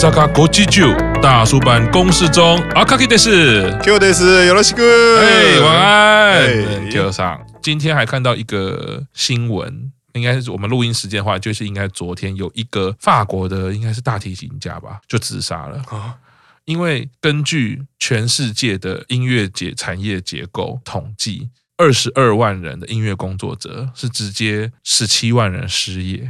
沙卡國際舊大叔坂工事中，阿卡基德斯、丘德斯，有勞辛苦。哎、hey，晚安。早上，今天還看到一個新聞，應該是我們錄音時間的話，就是應該昨天有一個法國的，應該是大提琴家吧，就自殺了。啊，因為根據全世界的音樂結產業結構統計，二十二萬人的音樂工作者是直接十七萬人失業。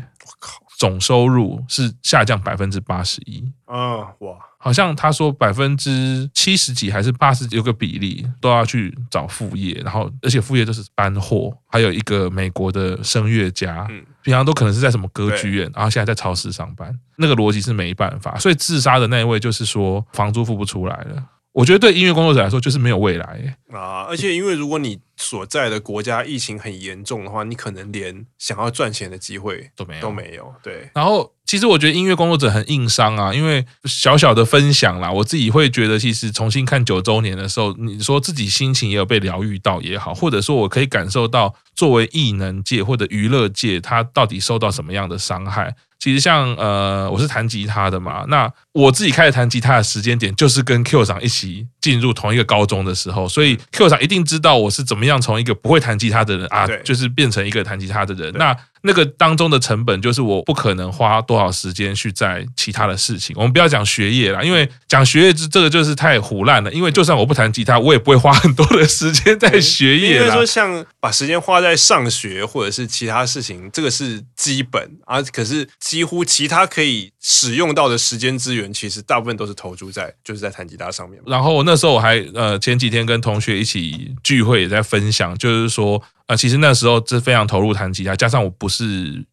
總收入是下降百分之八十一啊。哇，好像他說百分之七十幾還是八十幾，有個比例都要去找副業，然後而且副業就是搬貨，還有一個美國的聲樂家，平常都可能是在什麼歌劇院，然後現在在超市上班，那個邏輯是沒辦法，所以自殺的那一位就是說房租付不出來了。我覺得對音樂工作者來說就是沒有未來、欸、啊！而且因為如果你所在的國家疫情很嚴重的話，你可能連想要賺錢的機會都沒有都沒有。對，然後其實我覺得音樂工作者很硬傷啊，因為小小的分享啦，我自己會覺得，其實重新看九周年的時候，你說自己心情也有被療癒到也好，或者說我可以感受到作為藝能界或者娛樂界，他到底受到什麼樣的傷害？其實像呃，我是彈吉他的嘛，那。我自己開始彈吉他的時間點，就是跟 Q 桑一起進入同一個高中的時候，所以 Q 桑一定知道我是怎麼樣從一個不會彈吉他的人啊，就是變成一個彈吉他的人。那那個當中的成本，就是我不可能花多少時間去在其他的事情。我們不要講學業啦，因為講學業這這個就是太唬爛了。因為就算我不彈吉他，我也不會花很多的時間在學業，嗯。所以說像把時間花在上學或者是其他事情，這個是基本啊。可是幾乎其他可以使用到的時間資源。其實大部分都是投注在就是在彈吉他上面。然後那時候我還呃，前幾天跟同學一起聚會也在分享，就是說。啊，其實那時候是非常投入彈吉他，加上我不是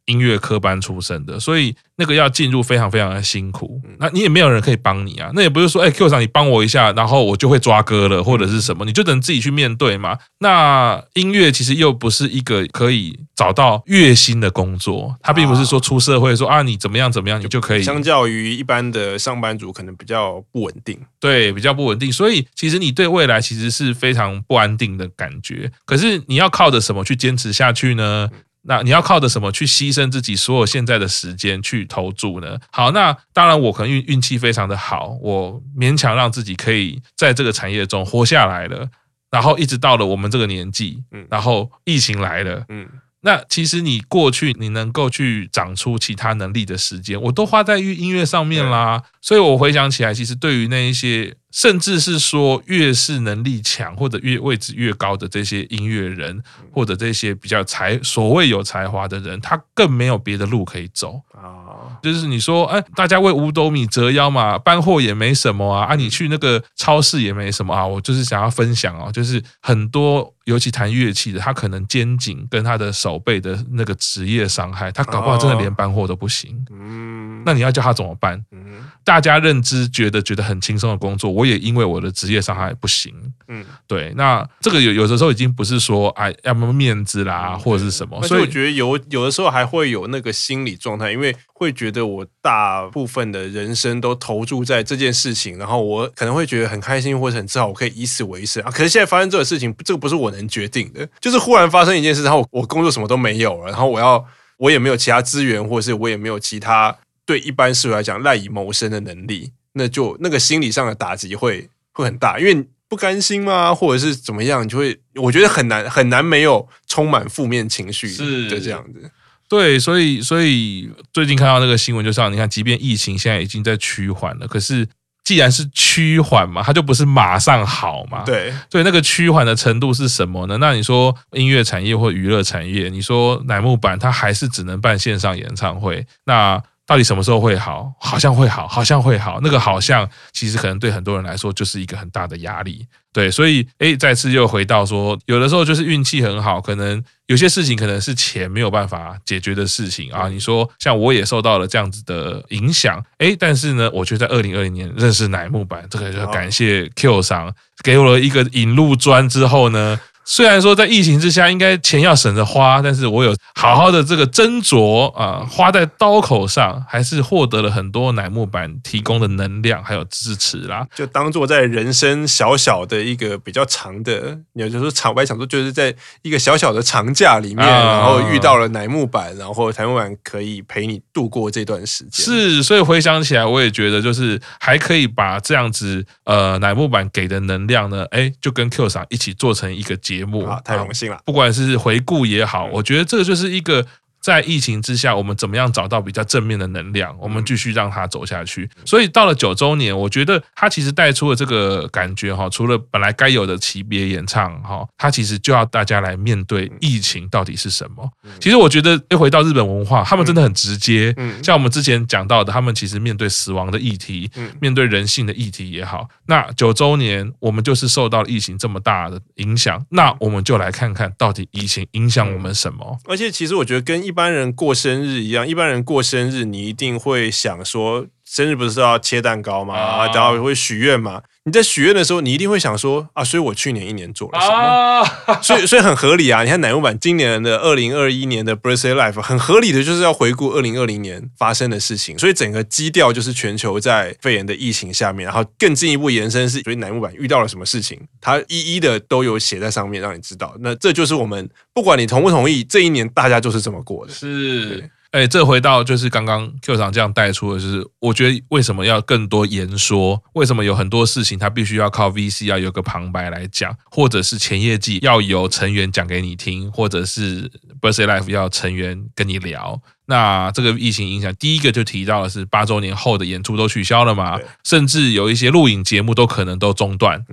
音樂科班出身的，所以那個要進入非常非常的辛苦。那你也沒有人可以幫你啊，那也不是說哎、欸、，Q 桑你幫我一下，然後我就會抓歌了或者是什麼，你就等自己去面對嘛。那音樂其實又不是一個可以找到月薪的工作，它並不是說出社會說啊你怎麼樣怎麼樣你就可以。相較於一般的上班族，可能比較不穩定，對，比較不穩定。所以其實你對未來其實是非常不安定的感覺。可是你要靠的是。怎麼去堅持下去呢？那你要靠着什麼去犧牲自己所有現在的時間去投注呢？好，那當然我可能運運氣非常的好，我勉強讓自己可以在這個產業中活下來了，然後一直到了我們這個年紀，嗯，然後疫情來了，嗯，那其實你過去你能夠去長出其他能力的時間，我都花在音樂上面啦，嗯，所以我回想起來，其實對於那一些。甚至是說，越是能力強或者，越位置越高的這些音樂人，或者這些比較才所謂有才華的人，他更沒有別的路可以走。就是你說，哎，大家為五斗米折腰嘛，搬貨也沒什麼啊，啊，你去那個超市也沒什麼啊。我就是想要分享哦，就是很多尤其彈樂器的，他可能肩頸跟他的手背的那個職業傷害，他搞不好真的連搬貨都不行。嗯，那你要叫他怎麼辦？大家認知覺得覺得很輕鬆的工作。我也因為我的職業傷害不行，嗯，對，那這個有有的時候已經不是說哎，要麼面子啦，或者是什麼。所以我覺得有有的時候還會有那個心理狀態，因為會覺得我大部分的人生都投注在這件事情，然後我可能會覺得很開心，或者很自豪，我可以以此為生啊。可是現在發生這個事情，這個不是我能決定的，就是忽然發生一件事，然後我，我工作什麼都沒有了，然後我要我也沒有其他資源，或者是我也沒有其他對一般事物來講賴以謀生的能力。那就那個心理上的打擊會會很大，因為不甘心嘛，或者是怎麼樣，你就會我覺得很難很難沒有充滿負面情緒是就這樣子。對，所以所以最近看到那個新聞，就是像你看，即便疫情現在已經在趨緩了，可是既然是趨緩嘛，它就不是馬上好嘛。對，所以那個趨緩的程度是什麼呢？那你說音樂產業或娛樂產業，你說乃木坂，它還是只能辦線上演唱會，那。到底什麼時候會好？好像會好，好像會好。那個好像其實可能對很多人來說就是一個很大的壓力。對，所以哎，再次又回到說，有的時候就是運氣很好，可能有些事情可能是錢沒有辦法解決的事情啊。你說像我也受到了這樣子的影響，哎，但是呢，我覺得在二零二零年認識乃木坂，這個就要感謝 Q 桑給我了一個引路磚之後呢。雖然說在疫情之下，應該錢要省着花，但是我有好好的這個斟酌啊、呃，花在刀口上，還是獲得了很多乃木坂提供的能量還有支持啦。就當做在人生小小的一個比較長的，也就是說長外長說，就是在一個小小的長假裡面，嗯、然後遇到了乃木坂，然後乃木坂可以陪你度過這段時間。是，所以回想起來，我也覺得就是還可以把這樣子呃乃木坂給的能量呢，哎，就跟 KYOSANN 一起做成一個結節目啊，太榮幸了。不管是回顧也好，我覺得這個就是一個。在疫情之下，我們怎麼樣找到比較正面的能量？我們繼續讓它走下去。所以到了九週年，我覺得它其實帶出了這個感覺哈。除了本來該有的級別演唱哈，它其實就要大家來面對疫情到底是什麼。其實我覺得一回到日本文化，他們真的很直接。像我們之前講到的，他們其實面對死亡的議題，面對人性的議題也好。那九週年，我們就是受到了疫情這麼大的影響。那我們就來看看到底疫情影響我們什麼。而且其實我覺得跟一般一般人過生日一樣，一般人過生日，你一定會想說，生日不是要切蛋糕嗎？Oh. 然後也會許願嗎？你在許願的時候，你一定會想說啊，所以我去年一年做了什麼，啊、所以所以很合理啊。你看乃木坂今年的二零二一年的 Birthday Live 很合理的，就是要回顧二零二零年發生的事情，所以整個基調就是全球在肺炎的疫情下面，然後更進一步延伸是，所以乃木坂遇到了什麼事情，它一一的都有寫在上面，讓你知道。那這就是我們不管你同不同意，這一年大家就是這麼過的，是。哎，這回到就是剛剛 Q 長這樣帶出的，就是我覺得為什麼要更多言說？為什麼有很多事情他必須要靠 V C 要有個旁白來講，或者是前夜祭要由成員講給你聽，或者是 Birthday Live 要成員跟你聊？那這個疫情影響，第一個就提到的是八周年後的演出都取消了嘛，甚至有一些錄影節目都可能都中斷。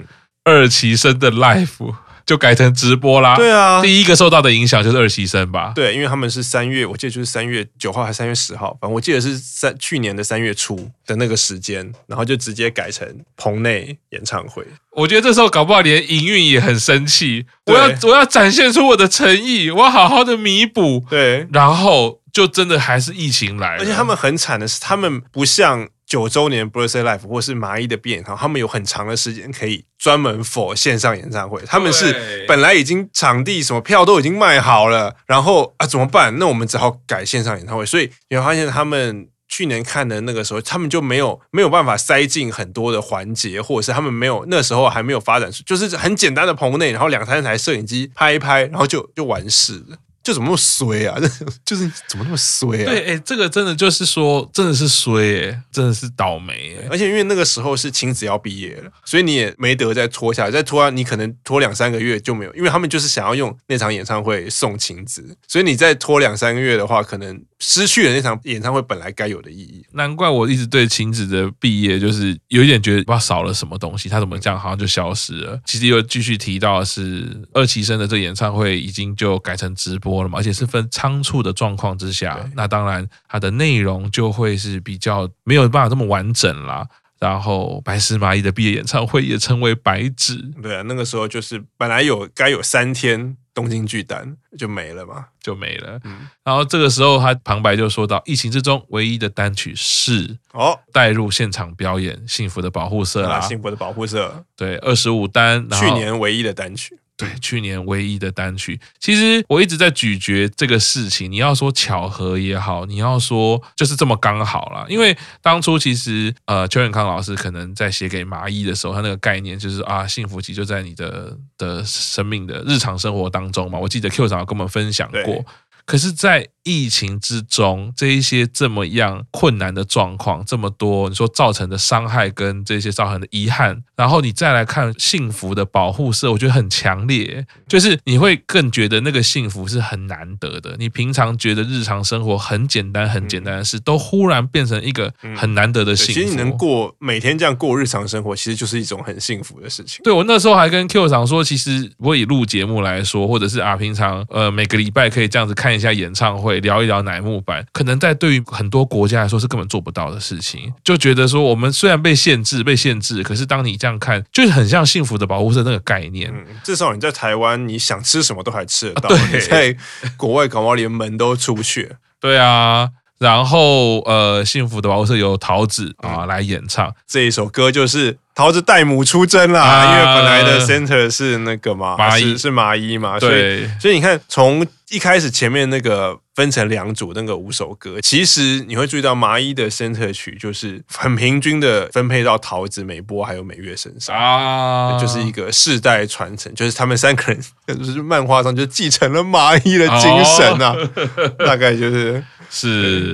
二期生的 Life，就改成直播啦。對啊，第一個受到的影響就是二期生吧。對，因為他們是三月，我記得就是三月九號還是三月十號，反正我記得是三去年的三月初的那個時間，然後就直接改成棚內演唱會。我覺得這時候搞不好連營運也很生氣，我要我要展現出我的誠意，我要好好的彌補。對，然後就真的還是疫情來了，而且他們很慘的是，他們不像。九周年，《Birthday Live》或是麻衣的畢業，他們有很長的時間可以專門 for 線上演唱會。他們是本來已經場地什麼票都已經賣好了，然後啊怎麼辦？那我們只好改線上演唱會。所以你會發現，他們去年看的那個時候，他們就沒有沒有辦法塞進很多的環節，或者是他們沒有那時候還沒有發展出，就是很簡單的棚內，然後兩三台攝影機拍一拍，然後就就完事了。就怎麼那麼衰啊？ 就是怎麼那麼衰啊？對，哎、欸，這個真的就是說，真的是衰、欸，誒真的是倒霉、欸。而且因為那個時候是晴子要畢業了，所以你也沒得再拖下來，再拖啊，你可能拖兩三個月就沒有，因為他們就是想要用那場演唱會送晴子，所以你再拖兩三個月的話，可能失去了那場演唱會本來該有的意義。難怪我一直對晴子的畢業就是有一點覺得哇，少了什麼東西，他怎麼這樣好像就消失了？其實又繼續提到的是二期生的這演唱會已經就改成直播。而且是分倉促的狀況之下，那當然它的內容就會是比較沒有辦法這麼完整了。然後白石麻衣的畢業演唱會也稱為白紙，對啊，那個時候就是本來有該有三天東京巨蛋就沒了嘛，就沒了、嗯。然後這個時候他旁白就說到，疫情之中唯一的單曲是哦，帶入現場表演《幸福的保護色》啦，幸福的保護色，對，二十五單去年唯一的單曲。對，去年唯一的單曲，其實我一直在咀嚼這個事情。你要說巧合也好，你要說就是這麼剛好啦。因為當初其實呃，秋元康老師可能在寫給麻衣的時候，他那個概念就是啊，幸福其實就在你的的生命的日常生活當中嘛。我記得 Q 長有跟我們分享過。可是，在疫情之中，這一些這麼樣困難的狀況，這麼多你說造成的傷害跟這些造成的遺憾，然後你再來看幸福的保護色，我覺得很強烈，就是你會更覺得那個幸福是很難得的。你平常覺得日常生活很簡單、很簡單的事、嗯，都忽然變成一個很難得的幸福、嗯。其實你能過每天這樣過日常生活，其實就是一種很幸福的事情。對，我那時候還跟 Q 桑說，其實我以錄節目來說，或者是啊平常呃每個禮拜可以這樣子看。一下演唱會，聊一聊乃木坂，可能在對於很多國家來說是根本做不到的事情，就覺得說我們雖然被限制，被限制，可是當你這樣看，就是很像幸福的保護色那個概念、嗯。至少你在台灣，你想吃什麼都還吃得到；啊、在國外，搞 怕連門都出不去。對啊，然後呃，幸福的保護色由桃子啊、嗯、來演唱這一首歌，就是桃子代母出征啦、呃。因為本來的 center 是那個嘛，麻、呃、衣是麻衣嘛對，所以所以你看從。一開始前面那個分成兩組，那個五首歌，其實你會注意到麻衣的 center 曲就是很平均的分配到桃子、美波還有美月身上啊，就是一個世代傳承，就是他們三個人就是漫畫上就繼承了麻衣的精神啊，哦、 大概就是是、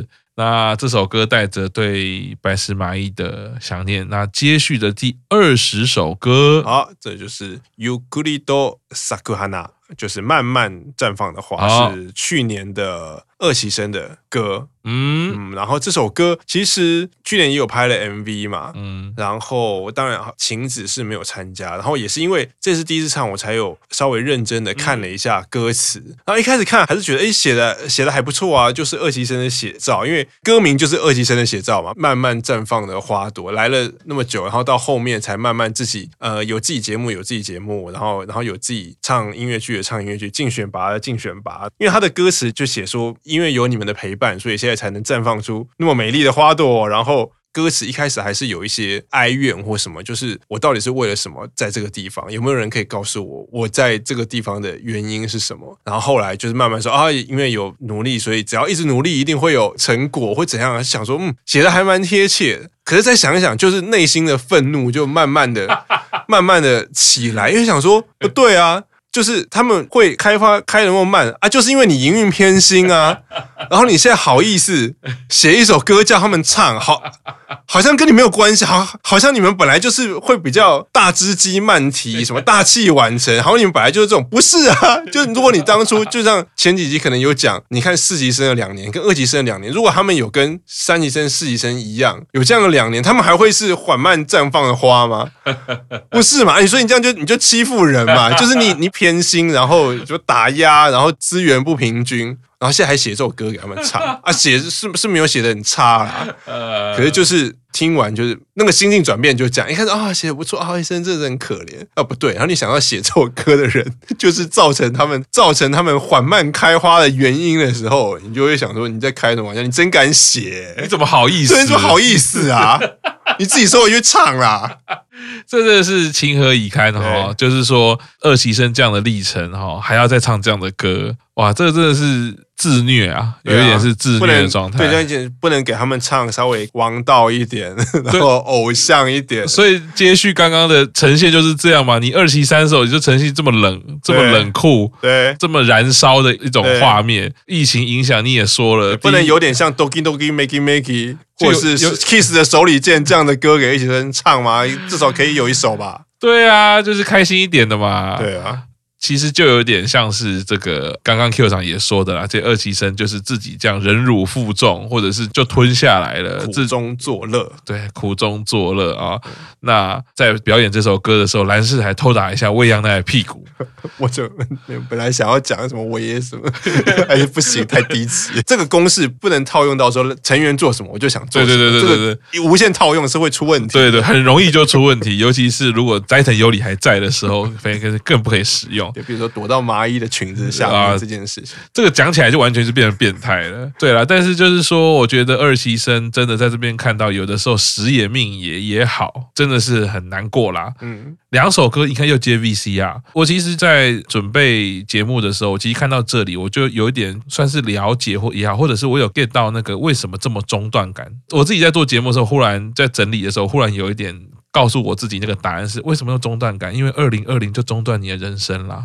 嗯、那這首歌帶着對白石麻衣的想念，那接續的第二十首歌，好，這就是 Yukuri to Sakuhana。Yukuri 就是慢慢綻放的花，哦，是去年的二期生的歌。嗯，然後這首歌其實去年也有拍了 MV 嘛，嗯，然後當然晴子是沒有參加，然後也是因為這是第一次唱，我才有稍微認真的看了一下歌詞，然後一開始看還是覺得哎寫的寫的還不錯啊，就是二期生的寫照，因為歌名就是二期生的寫照嘛，慢慢綻放的花朵來了那麼久，然後到後面才慢慢自己呃有自己節目有自己節目，然後然後有自己唱音樂劇的唱音樂劇，競選拔競選拔，因為他的歌詞就寫說因為有你們的陪伴，所以現才能綻放出那麼美麗的花朵。然後歌詞一開始還是有一些哀怨或什麼，就是我到底是為了什麼在這個地方？有沒有人可以告訴我，我在這個地方的原因是什麼？然後後來就是慢慢說啊，因為有努力，所以只要一直努力，一定會有成果。會怎樣想說？嗯，寫的還蠻貼切。可是再想一想，就是內心的憤怒就慢慢的、慢慢的起來，因為想說不對啊。就是他們會開花開的那麼慢啊，就是因為你營運偏心啊，然後你現在好意思寫一首歌叫他們唱，好好像跟你沒有關係，好好像你們本來就是會比較大只雞慢啼，什麼大器晚成，然後你們本來就是這種，不是啊？就如果你當初就像前幾集可能有講，你看四級生的兩年，跟二級生的兩年，如果他們有跟三級生、四級生一樣有這樣的兩年，他們還會是緩慢綻放的花嗎？ 不是嘛？你說你這樣就你就欺負人嘛？ 就是你你偏心，然後就打壓，然後資源不平均。然後現在還寫這首歌給他們唱 啊？寫是是沒有寫得很差啦，呃，可是就是聽完就是那個心境轉變就講一開始啊，寫的不錯啊，一生真的很可憐啊，不對。然後你想要寫這首歌的人，就是造成他們造成他們緩慢開花的原因的時候，你就會想說你在開什麼玩笑？你真敢寫？你怎麼好意思？真是麼好意思啊？ 你自己說我就唱啦， 這真的是情何以堪哦，就是說二期生這樣的歷程哦，還要再唱這樣的歌。哇，這個真的是自虐啊！有一點是自虐的狀態，對、啊，有一點不能給他們唱稍微王道一點，然後偶像一點。所以接續剛剛的呈現就是這樣嘛？你二期三首你就呈現這麼冷、這麼冷酷，對，這麼燃燒的一種畫面。疫情影響你也說了，不能有點像《Doki Doki Miki Miki》或是《Kiss》的手裡劍這樣的歌給 A 學生唱嗎？至少可以有一首吧？對啊，就是開心一點的嘛。對啊。其實就有點像是這個剛剛 Q 長也說的啦，這二期生就是自己這樣忍辱負重，或者是就吞下來了，苦中作樂，對，苦中作樂啊。那在表演這首歌的時候，蘭世還偷打一下未央的屁股，我就本來想要講什麼我也什麼，還是不行，太低級。這個公式不能套用到說成員做什麼我就想做什麼，對對對對對，對，對，對，這個、無限套用是會出問題、啊，對，對對，很容易就出問題， 尤其是如果齋藤優里還在的時候，更更不可以使用。就比如說躲到麻衣的裙子下啊，這件事情、啊，這個講起來就完全是變成變態了。 對啦，但是就是說，我覺得二期生真的在這邊看到有的時候時也命也也好，真的是很難過啦。嗯，兩首歌，你看又接 VCR。我其實在準備節目的時候，我其實看到這裡，我就有一點算是了解或也好，或者是我有 get 到那個為什麼這麼中斷感。我自己在做節目的時候，忽然在整理的時候，忽然有一點。告訴我自己那個答案是為什麼要中斷感。因為二零二零就中斷你的人生啦。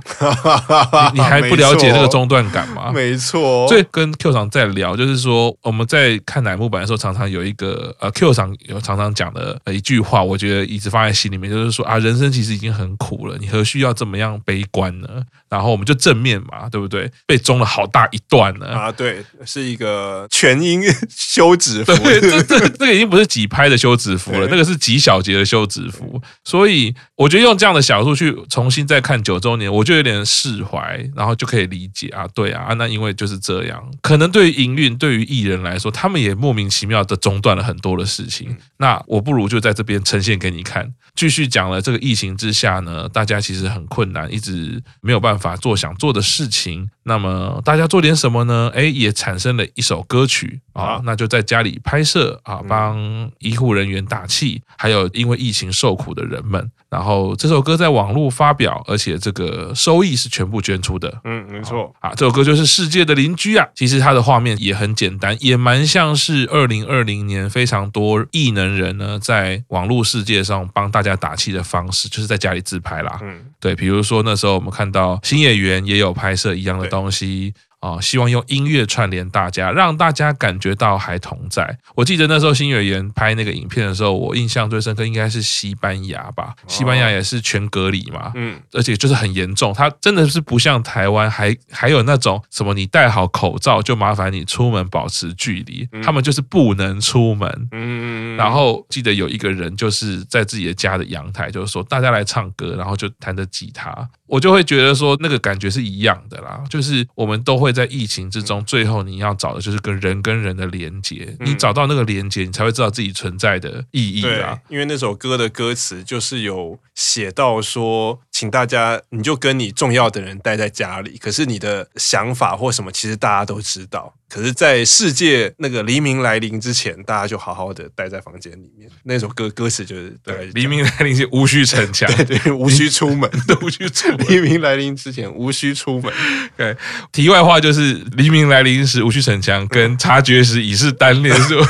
你你還不了解那個中斷感嗎？沒錯。所以跟 Q 長在聊，就是說我們在看乃木板的時候，常常有一個呃 Q 長有常常講的一句話，我覺得一直放在心裡面，就是說啊，人生其實已經很苦了，你何須要怎麼樣悲觀呢？然後我們就正面嘛，對不對？被中了好大一段呢。啊，對，是一個全音休止符。這這這個已經不是幾拍的休止符了，那個是幾小節的休。就支服，所以我覺得用這樣的小數去重新再看九周年，我就有點釋懷，然後就可以理解啊，對啊，啊，那因為就是這樣，可能對於營運，對於藝人來說，他們也莫名其妙的中斷了很多的事情。那我不如就在這邊呈現給你看，繼續講了這個疫情之下呢，大家其實很困難，一直沒有辦法做想做的事情。那麼大家做點什麼呢？哎，也產生了一首歌曲啊、哦，那就在家裡拍攝啊，幫醫護人員打氣，還有因為疫情受苦的人們，然後這首歌在網絡發表，而且這個收益是全部捐出的。嗯，沒錯啊，這首歌就是世界的鄰居啊。其實它的畫面也很簡單，也蠻像是二零二零年非常多藝能人呢，在網絡世界上幫大家打氣的方式，就是在家裡自拍啦。嗯，對，比如說那時候我們看到新演員也有拍攝一樣的東西。嗯啊，希望用音樂串聯大家，讓大家感覺到還同在。我記得那時候新月園拍那個影片的時候，我印象最深刻應該是西班牙吧？西班牙也是全隔離嘛，哦，嗯，而且就是很嚴重，它真的是不像台灣，還還有那種什麼，你戴好口罩就麻煩你出門保持距離，嗯，他們就是不能出門。嗯，然後記得有一個人就是在自己的家的陽台，就是說大家來唱歌，然後就彈着吉他。我就會覺得說，那個感覺是一樣的啦，就是我們都會在疫情之中，最後你要找的就是跟人跟人的連接，你找到那個連接，你才會知道自己存在的意義啊、嗯、對。因為那首歌的歌詞就是有寫到說，請大家你就跟你重要的人待在家裡，可是你的想法或什麼，其實大家都知道。可是，在世界那個黎明來臨之前，大家就好好的待在房間裡面。那首歌歌詞就是，是：對，黎明來臨時無需逞強，對，對對，無需出門， 都無需出門。黎明來臨之前無需出門。對、okay,，題外話就是：黎明來臨時無需逞強，跟察覺時已是單戀。是我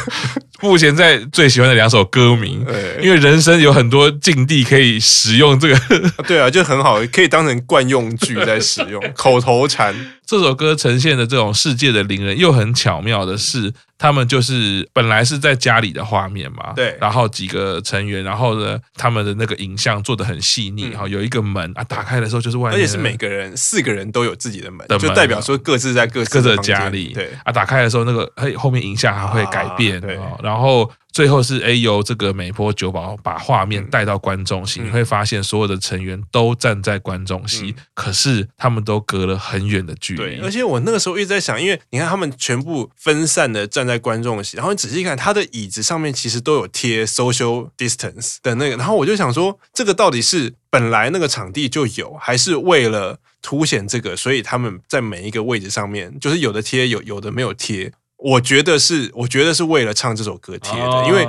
目前在最喜歡的兩首歌名對，因為人生有很多境地可以使用這個。對啊，就很好，可以當成慣用句在使用， 口頭禪。這首歌呈現的這種世界的靈人，又很巧妙的是。他們就是本來是在家裡的畫面嘛，對。然後幾個成員，然後呢，他們的那個影像做得很細膩，哈、嗯，有一個門啊，打開的時候就是外面的。而且是每個人四個人都有自己的門，的門，就代表說各自在各自的，各的家裡。對。啊，打開的時候那個嘿，後面影像還會改變，啊、對。然後最後是哎呦，這個美波久保把畫面帶到觀眾席、嗯，你會發現所有的成員都站在觀眾席、嗯，可是他們都隔了很遠的距離。對。而且我那個時候一直在想，因為你看他們全部分散的站。在觀眾席，然後你仔細看，他的椅子上面其實都有貼 social distance 的那個。然後我就想說，這個到底是本來那個場地就有，還是為了凸顯這個，所以他們在每一個位置上面，就是有的貼，有有的沒有貼。我覺得是，我覺得是為了唱這首歌貼的，因為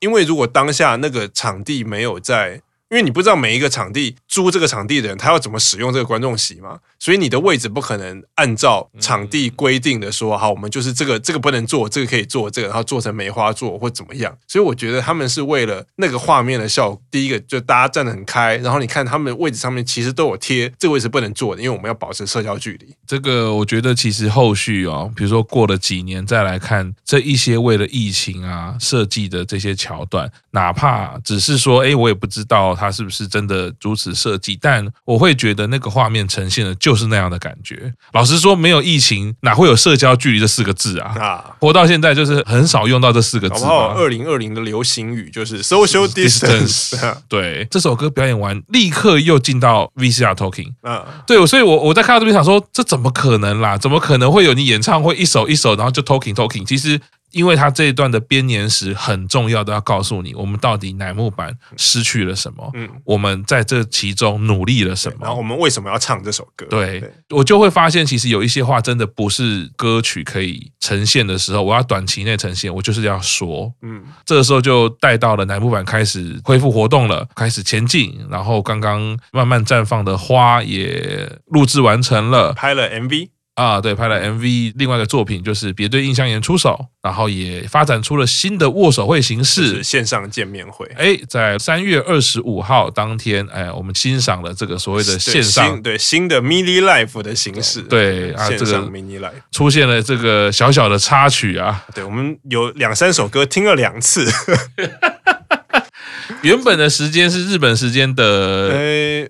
因為如果當下那個場地沒有在。因為你不知道每一個場地租這個場地的人，他要怎麼使用這個觀眾席嘛，所以你的位置不可能按照場地規定的說，好，我們就是這個這個不能坐，這個可以坐，這個然後做成梅花座或怎麼樣。所以我覺得他們是為了那個畫面的效果，第一個就大家站得很開，然後你看他們位置上面其實都有貼，這個位置不能坐的，因為我們要保持社交距離。這個我覺得其實後續哦，比如說過了幾年再來看這一些為了疫情啊設計的這些橋段，哪怕只是說，哎，我也不知道。他是不是真的如此設計？但我會覺得那個畫面呈現的就是那樣的感覺。老實說，沒有疫情哪會有“社交距離”這四個字啊？活到現在就是很少用到這四個字。好不好？二零二零的流行語就是 “social distance”。對，這首歌表演完立刻又進到 VCR talking。對，所以我我在看到這邊想說，這怎麼可能啦？怎麼可能會有你演唱會一首一首，然後就 talking talking？其實。因為他這一段的編年史很重要的，要告訴你，我們到底乃木坂失去了什麼？嗯，我們在這其中努力了什麼、嗯？然後我們為什麼要唱這首歌？對，對我就會發現，其實有一些話真的不是歌曲可以呈現的時候，我要短期內呈現，我就是要說。嗯，這個時候就帶到了乃木坂開始恢復活動了，開始前進，然後剛剛慢慢綻放的花也錄制完成了，拍了 MV。啊，對，拍了 MV，另外的作品就是別對映像研出手，然後也發展出了新的握手會形式，就是、線上見面會。誒，在三月二十五號當天，誒、哎，我們欣賞了這個所謂的線上，對，新，對，新的 mini life 的形式，對，對啊，這個 mini life 出現了這個小小的插曲啊，對我們有兩三首歌聽了兩次。 原本的時間是日本時間的，呃，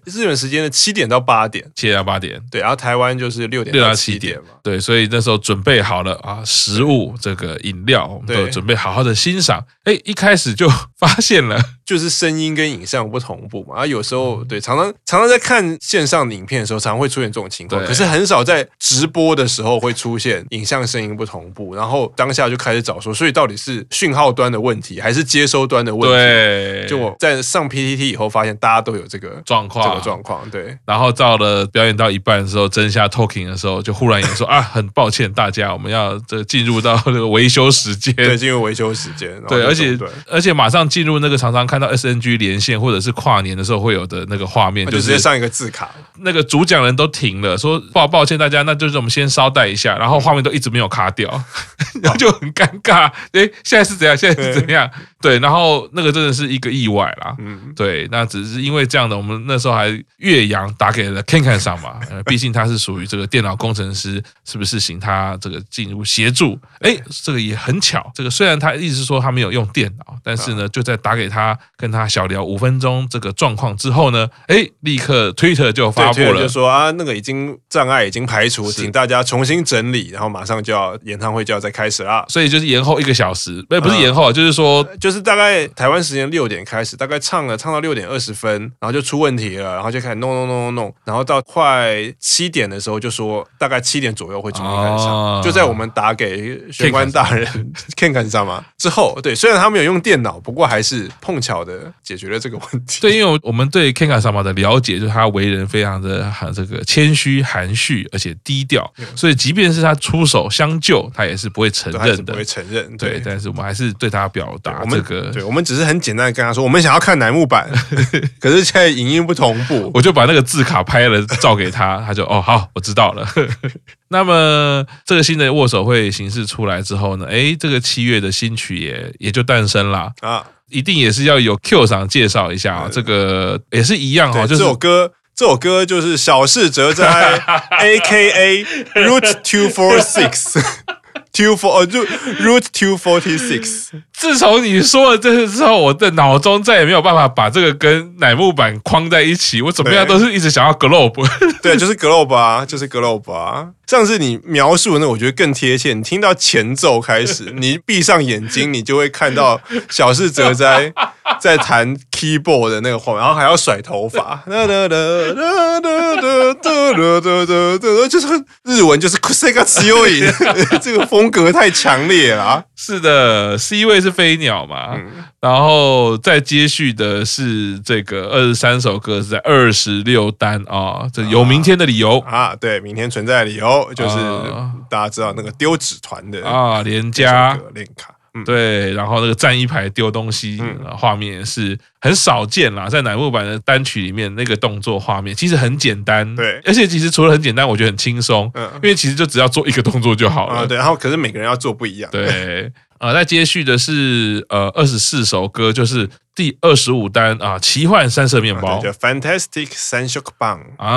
日本時間的七點到八點，七點到八點，對，然後台灣就是六點到七點，六到七點嘛，對，所以那時候準備好了啊，食物、這個飲料，我們都準備好好的欣賞，哎，一開始就發現了。就是聲音跟影像不同步嘛，啊，有時候對，常常常常在看線上影片的時候，常常會出現這種情況。對，可是很少在直播的時候會出現影像聲音不同步，然後當下就開始找說，所以到底是訊號端的問題還是接收端的問題？對，就我在上 PTT 以後發現大家都有這個狀況，這個狀況，對。然後到了表演到一半的時候，真下 talking 的時候，就忽然有說 啊，很抱歉大家，我們要這進入到那個維修時間，對，進入維修時間，對，而且而且馬上進入那個常常看。看到 SNG 連線或者是跨年的時候會有的那個畫面，就直接上一個字卡，那個主講人都停了，說抱抱歉大家，那就是我們先稍待一下，然後畫面都一直沒有卡掉，然後 就很尷尬。誒、欸，現在是怎樣？現在是怎樣？對，然後那個真的是一個意外啦。嗯，對，那只是因為這樣的，我們那時候還岳陽打給了 Ken Ken 上嘛，畢竟他是屬於這個電腦工程師，是不是請他這個進入協助？哎，這個也很巧，這個雖然他一直說他沒有用電腦，但是呢，啊、就在打給他跟他小聊五分鐘這個狀況之後呢，哎，立刻 Twitter 就發布了，就說啊，那個已經障礙已經排除，請大家重新整理，然後馬上就要演唱會就要再開始啦、啊，所以就是延後一個小時，也不是延後，啊、嗯，就是說就。就是大概台灣時間六點開始，大概唱了唱到六點二十分，然後就出問題了，然後就開始弄弄弄弄弄，然後到快七點的時候就說大概七點左右會重新開始，就在我們打給玄關大人 Kenka Sama 之後，對，雖然他沒有用電腦，不過還是碰巧的解決了這個問題。對，因為我們對 Kenka Sama 的了解，就是他為人非常的很這個謙虛含蓄，而且低調、嗯，所以即便是他出手相救，他也是不會承認的，他不會承認。對，對對但是我們還是對他表達我們。這、嗯、個，對，我們只是很簡單的跟他說，我們想要看楠木版，可是現在影音不同步， 我就把那個字卡拍了照給他，他就哦，好，我知道了。 那麼這個新的握手會形式出來之後呢，哎，這個七月的新曲也也就誕生了啊，一定也是要有 Q 上介紹一下啊、哦，這個也是一樣哦，就是、這首歌，這首歌就是小室哲哉 ，A K A Route Two Four Six。Two f o r、uh, root root two forty six。自從你說了這些之後，我的腦中再也沒有辦法把這個跟乃木坂框在一起。我怎麼樣都是一直想要 globe，對，就是 globe 啊，就是 globe 啊。這樣子你描述的，我覺得更貼切。你聽到前奏開始，你閉上眼睛，你就會看到小室哲哉在彈。Keyboard 的那個畫面，然後還要甩頭髮， 就是日文就是 c u s a g a i 這個風格太強烈了。 是的，C 位是飛鳥嘛、嗯，然後再接續的是這個二十三首歌是在二十六單啊，這、哦、有明天的理由啊，啊，對，明天存在的理由就是、啊、大家知道那個丟紙團的啊，連價。練卡。對，然後那個站一排丟東西畫面是很少見啦，在乃木坂的單曲裡面，那個動作畫面其實很簡單，對，而且其實除了很簡單，我覺得很輕鬆，嗯，因為其實就只要做一個動作就好了，嗯，對，然後可是每個人要做不一樣，對。呃，再接續的是呃二十四首歌，就是第二十五單啊，呃《奇幻三色麵包》。叫 Fantastic 三色麵包啊！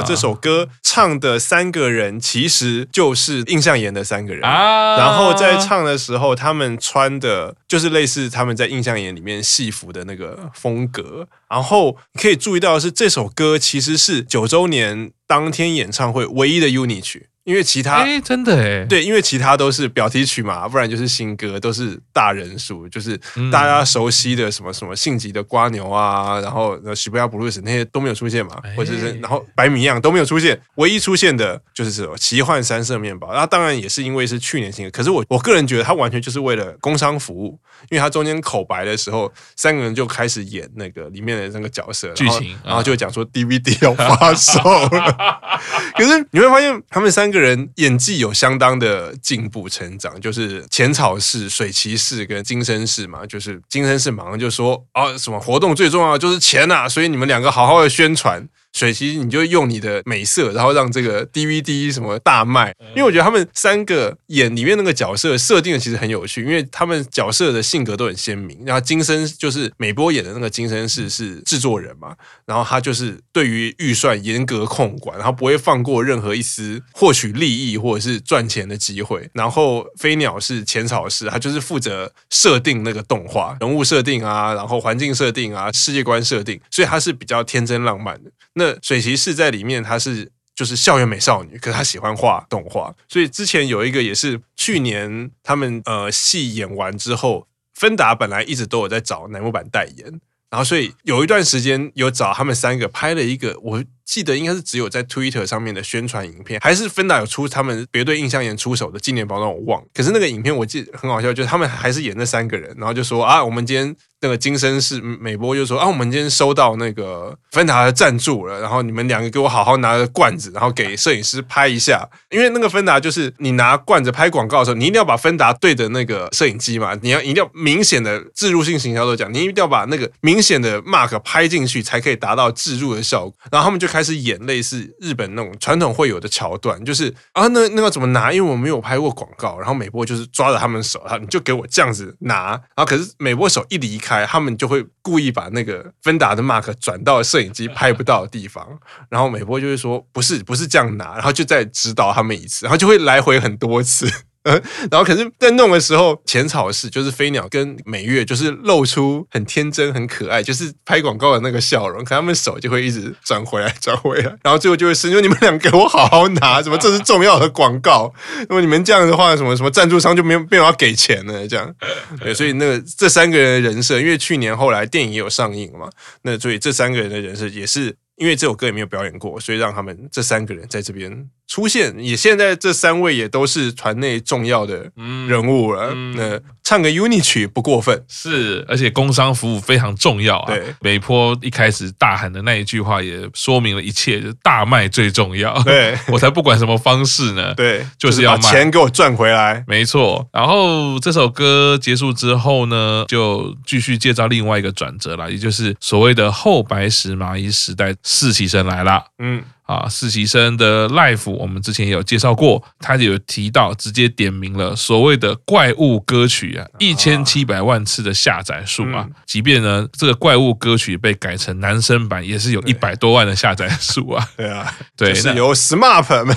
啊這首歌唱的三個人其實就是映像研的三個人，啊、然後在唱的時候，他們穿的就是類似他們在映像研裡面戲服的那個風格。然後可以注意到是，這首歌其實是九周年當天演唱會唯一的 unit 曲。因為其他哎、欸、真的哎、欸、對，因為其他都是表題曲嘛，不然就是新歌，都是大人數，就是大家熟悉的什麼、嗯、什麼性急的蝸牛啊，然後呃 Shibuya Blues 那些都沒有出現嘛，欸、或者是然後白米樣都沒有出現，唯一出現的就是這種奇幻三色麵包。那當然也是因為是去年新，可是我我個人覺得他完全就是為了工商服務，因為他中間口白的時候，三個人就開始演那個裡面的那個角色劇情，然後，然後就講說 DVD 要發售。啊、 可是你會發現他們三個人。人演技有相當的進步成長，就是淺草氏、水崎氏跟金森氏嘛，就是金森氏馬上就說啊、哦，什麼活動最重要的就是錢吶、啊，所以你們兩個好好的宣傳。水崎氏其實你就用你的美色，然後讓這個 DVD 什麼大賣。因為我覺得他們三個演裡面那個角色設定的其實很有趣，因為他們角色的性格都很鮮明。然後金森就是美波演的那個金森氏是製作人嘛，然後他就是對於預算嚴格控管，然後不會放過任何一絲獲取利益或者是賺錢的機會。然後飛鳥是淺草氏，他就是負責設定那個動畫人物設定啊，然後環境設定啊，世界觀設定，所以他是比較天真浪漫的。那水崎在裡面，她是就是校園美少女，可她喜歡畫動畫，所以之前有一個也是去年他們呃戲演完之後，芬達本來一直都有在找乃木坂代言，然後所以有一段時間有找他們三個拍了一個我。記得應該是只有在 Twitter 上面的宣傳影片，還是芬達有出他們別對映像研出手的紀念包裝，我忘了。可是那個影片我記得很好笑，就是他們還是演那三個人，然後就說啊，我們今天那個金森是美波就是、說啊，我們今天收到那個芬達的贊助了，然後你們兩個給我好好拿着罐子，然後給攝影師拍一下。因為那個芬達就是你拿罐子拍廣告的時候，你一定要把芬達對着那個攝影機嘛，你要一定要明顯的置入性行銷都講，你一定要把那個明顯的 mark 拍進去才可以達到置入的效果。然後他們就開。開始演類似日本那種傳統會有的橋段，就是啊，那那個怎麼拿？因為我沒有拍過廣告，然後美波就是抓着他們手，然後你就給我這樣子拿。然後可是美波手一離開，他們就會故意把那個芬達的 mark 轉到攝影機拍不到的地方。然後美波就會說不是不是這樣拿，然後就再指導他們一次，然後就會來回很多次。然後可是，在弄的時候，淺草氏就是飛鳥跟美月，就是露出很天真、很可愛，就是拍廣告的那個笑容。可他們手就會一直轉回來、轉回來，然後最後就會說你們倆給我好好拿，什麼這是重要的廣告。如果你們這樣的話，什麼什麼贊助商就沒有沒有要給錢了。”這樣，所以那個這三個人的人設，因為去年後來電影也有上映嘛，那所以這三個人的人設也是因為這首歌也沒有表演過，所以讓他們這三個人在這邊。出現也現在這三位也都是團內重要的人物了。嗯嗯、唱個 unit 曲不過分，是。而且工商服務非常重要啊。對。美波一開始大喊的那一句話也說明了一切，就大賣最重要。對。 我才不管什麼方式呢。對。就是要賣。就是、把錢給我賺回來。沒錯。然後這首歌結束之後呢，就繼續介紹另外一個轉折啦，也就是所謂的後白石麻衣時代，四期生來啦。嗯。啊，實習生的 Life，我們之前也有介紹過，他有提到直接點名了所謂的怪物歌曲啊，一千七百萬次的下載數啊、嗯，即便呢這個怪物歌曲被改成男生版，也是有一百多萬的下載數啊。對。對啊，對，就是由 SMAP 們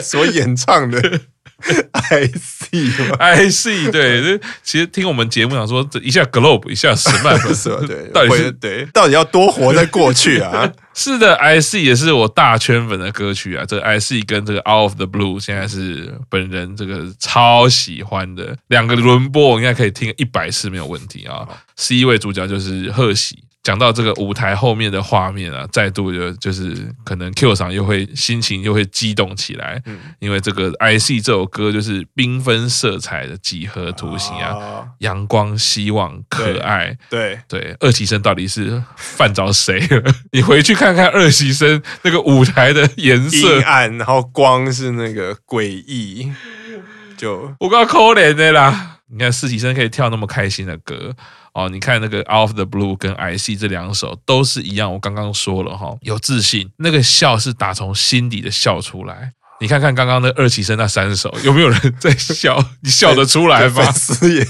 所演唱的。I see I see。I see，對，其實聽我們節目，想說這一下 Globe，一下十萬粉絲， 對，到底是對，到底要多活在過去啊？ 是的，I see 也是我大圈粉的歌曲啊。這 I see 跟這個 Out of the Blue 現在是本人這個超喜歡的兩個輪播，我應該可以聽一百次沒有問題啊。C 位主角就是賀喜。講到這個舞台後面的畫面啊，再度就就是可能 Q 上又會心情又會激動起來，嗯、因為這個《I C》這首歌就是繽紛色彩的幾何圖形啊，啊陽光、希望、可愛，對對，對。二期生到底是犯着誰了？ 你回去看看二期生那個舞台的顏色，暗，然後光是那個詭異，就我剛摳臉的啦。你看四期生可以跳那麼開心的歌。哦，你看那個《Out of the Blue》跟《I see》這兩首都是一樣，我剛剛說了哈、哦，有自信，那個笑是打從心底的笑出來。你看看剛剛那二期生那三首，有沒有人在笑？ 你笑得出來嗎？粉 絲也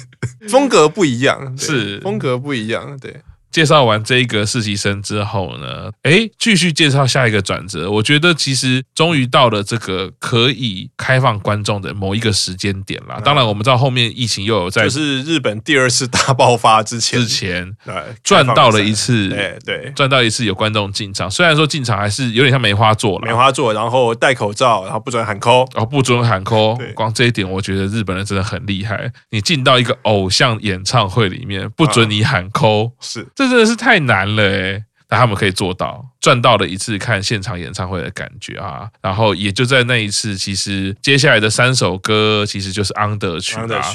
風格不一樣，是風格不一樣，對。介紹完這一個實習生之後呢，哎，繼續介紹下一個轉折。我覺得其實終於到了這個可以開放觀眾的某一個時間點了，啊。當然，我們知道後面疫情又有在，就是日本第二次大爆發之前，之前，對，賺到了一次，對，對，賺到一次有觀眾進場。雖然說進場還是有點像梅花座了，梅花座，然後戴口罩，然後不准喊 call，哦，不准喊 call，光這一點我覺得日本人真的很厲害。你進到一個偶像演唱會裡面，不准你喊 call，啊，是這。真的是太難了誒。但他們可以做到賺到了一次看現場演唱會的感覺啊！然後也就在那一次，其實接下來的三首歌其實就是 Under 曲啊。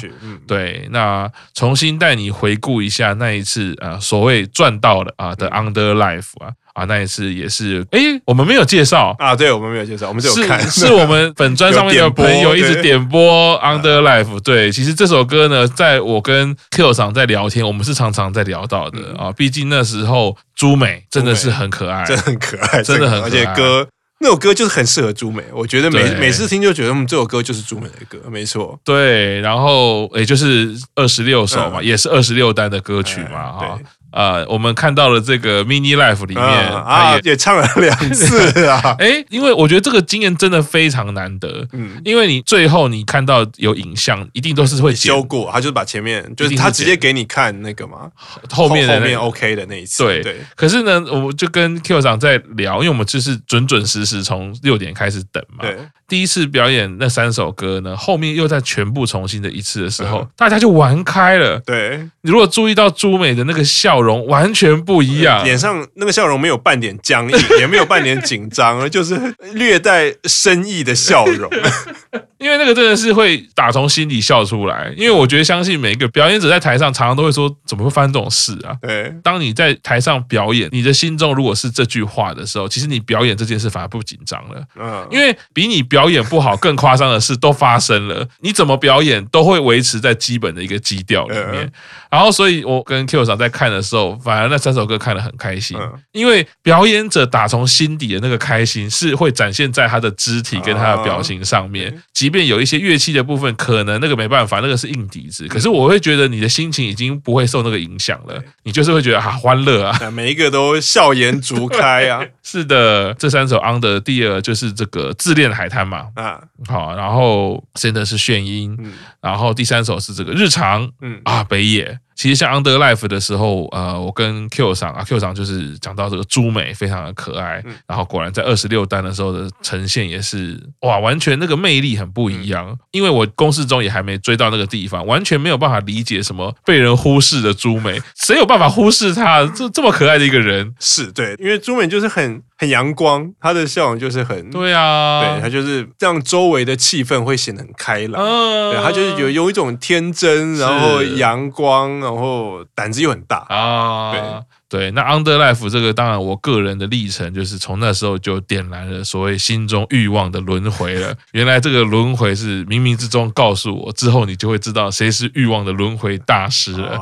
對，那重新帶你回顧一下那一次啊，所謂賺到的啊的 Under Life 啊啊，那一次也是哎、欸，我們沒有介紹啊。對，我們沒有介紹，我們只有看，是我們本專上面的朋友一直點播 Under Life。對，其實這首歌呢，在我跟 KYO 桑在聊天，我們是常常在聊到的啊。畢竟那時候。朱美真的是很可愛，真的很可愛，真的很可愛，真的很。而且歌那首歌就是很適合朱美，我覺得每每次聽就覺得嗯，這首歌就是朱美的歌，沒錯。對，然後也、欸、就是二十六首嘛，嗯、也是二十六單的歌曲嘛，哎呃，我們看到了這個 mini life 裡面、嗯、啊也，也唱了兩次啊。誒、 欸，因為我覺得這個經驗真的非常難得。嗯，因為你最後你看到有影像，一定都是會修過，他就把前面就是他直接給你看那個嘛，後面的、那個、後，後面 OK 的那一次對。對，可是呢，我就跟 Q 長在聊，因為我們就是準準時時從六點開始等嘛。對。第一次表演那三首歌呢，後面又再全部重新的一次的時候，呃、大家就玩開了。對你如果注意到朱美的那個笑容，完全不一樣，嗯、臉上那個笑容沒有半點僵硬， 也沒有半點緊張，就是略帶深意的笑容。 因為那個真的是會打從心底笑出來，因為我覺得相信每一個表演者在台上常常，常都會說：“怎麼會發生這種事啊？”對。當你在台上表演，你的心中如果是這句話的時候，其實你表演這件事反而不緊張了。嗯。因為比你表演不好更誇張的事都發生了，你怎麼表演都會維持在基本的一個基調裡面。然後，所以我跟 KYOSANN 在看的時候，反而那三首歌看得很開心，因為表演者打從心底的那個開心是會展現在他的肢體跟他的表情上面。極便有一些樂器的部分，可能那個沒辦法，那個是硬笛子。可是我會覺得你的心情已經不會受那個影響了，嗯、你就是會覺得啊，歡樂啊，每一個都笑顏逐開啊。是的，這三首《Under》第二就是這個自戀海灘嘛，啊，好、啊，然後現在是眩音、嗯，然後第三首是這個日常，嗯啊北野。其實像 Underlife 的時候，呃，我跟 Q 桑啊，Q 桑就是講到這個朱美非常的可愛，嗯、然後果然在二十六單的時候的呈現也是哇，完全那個魅力很不一樣。嗯、因為我公式中也還沒追到那個地方，完全沒有辦法理解什麼被人忽視的朱美，誰有辦法忽視他？這這麼可愛的一個人，是對，因為朱美就是很。很陽光，他的笑容就是很，對啊，對，他就是讓周圍的氣氛會顯得很開朗，啊、對，他就是有有一種天真，然後陽光，然後膽子又很大啊，對。對，那 Underlife 這個當然，我個人的歷程就是從那時候就點燃了所謂心中慾望的輪迴了。原來這個輪迴是冥冥之中告訴我，之後你就會知道誰是慾望的輪迴大師了。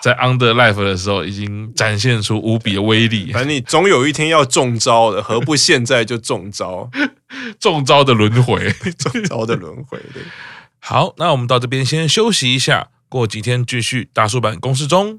在 Underlife 的時候已經展現出無比的威力，反正你總有一天要中招的，何不現在就中招？ 中招的輪迴， 中招的輪迴。對，好，那我們到這邊先休息一下，過幾天繼續大叔坂工事中。